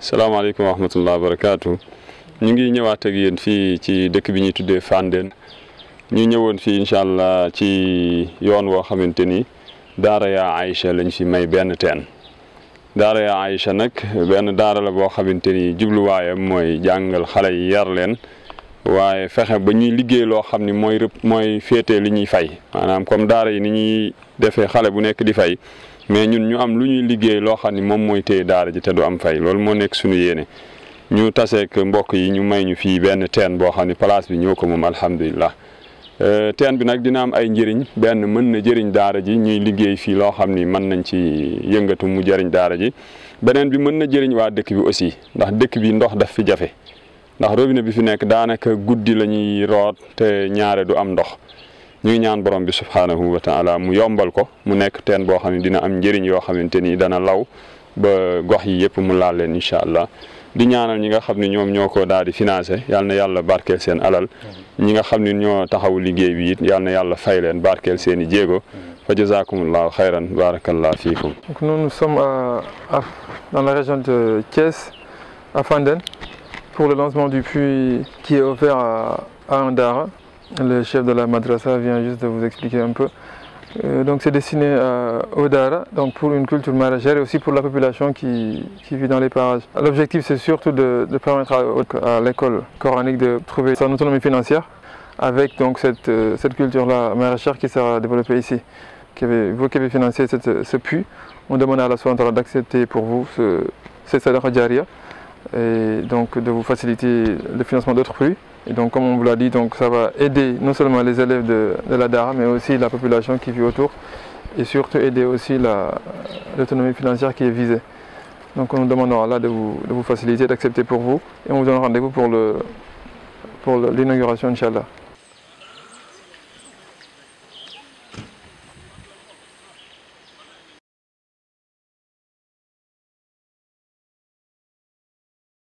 salaamaaleykum wa rahmatulah wa barakaatu ñu ngi ñëwaat ak yéen fii ci dëkk bi ñuy tuddee Fandène ñu ñëwoon fii incha allah ci yoon woo xamante ni daara yaa Aïcha lañ fi may benn teen daara yaa Aïcha nag benn daara la boo xamante ni jubluwaayam mooy jàngal xale yi yar leen. waaye fexe ba ñuy liggéey loo xam ni mooy rëpp mooy féete li ñuy fay maanaam comme daara yi ni ñuy defee xale bu nekk di fay mais ñun ñu am lu ñuy liggéey loo xam ni moom mooy téye daara ji te du am fay loolu moo nekk suñu yéene. ñu taseek mbokk yi ñu may ñu fii benn teen boo xam ne palace bi ñoo ko moom alhamdulilah euh, teen bi nag dina am ay njëriñ benn mën na jëriñ daara ji ñuy liggéey fii loo xam ni mën nañ ci yëngatu mu jëriñ daara ji beneen bi mën na jëriñ waa dëkk bi aussi ndax dëkk bi ndox daf fi jafe. ndax robinet bi fi nek danaka goudi lañuy rot te ñaare du am ndox ñuy ñaan borom bi subhanahu wa taala mu yombal ko mu nek ten bo xamni dina am jeriñ yo xamanteni dana law ba gox yi yep mu laal len inshallah di ñaanal ñi nga xamni ñom ñoko ñoo ko daal di financé yal na yàlla barkel seen alal ñi nga xamni ño ñoo taxaw liggéey bi it yal na yàlla fay len barkel seen jéego fa jazakumullahu khairan barakallahu fikum nous sommes à, dans la région de Thiès, à Fanden. Pour le lancement du puits qui est offert à, à Andara, le chef de la madrasa vient juste de vous expliquer un peu. Euh, donc c'est destiné à Odara, donc pour une culture maraîchère et aussi pour la population qui, vit dans les parages. L'objectif c'est surtout de, permettre à, l'école coranique de trouver son autonomie financière avec donc cette, euh, culture-là maraîchère qui sera développée ici. Qui vous qui avez financé ce puits, on demande à la soin d'accepter pour vous ce, cette et donc de vous faciliter le financement d'autres prix. Et donc comme on vous l'a dit, donc ça va aider non seulement les élèves de, la DARA, mais aussi la population qui vit autour et surtout aider aussi l'autonomie financière qui est visée. Donc on nous demandera là de vous, de vous faciliter, d'accepter pour vous et on vous donne rendez-vous pour l'inauguration, pour Inch'Allah.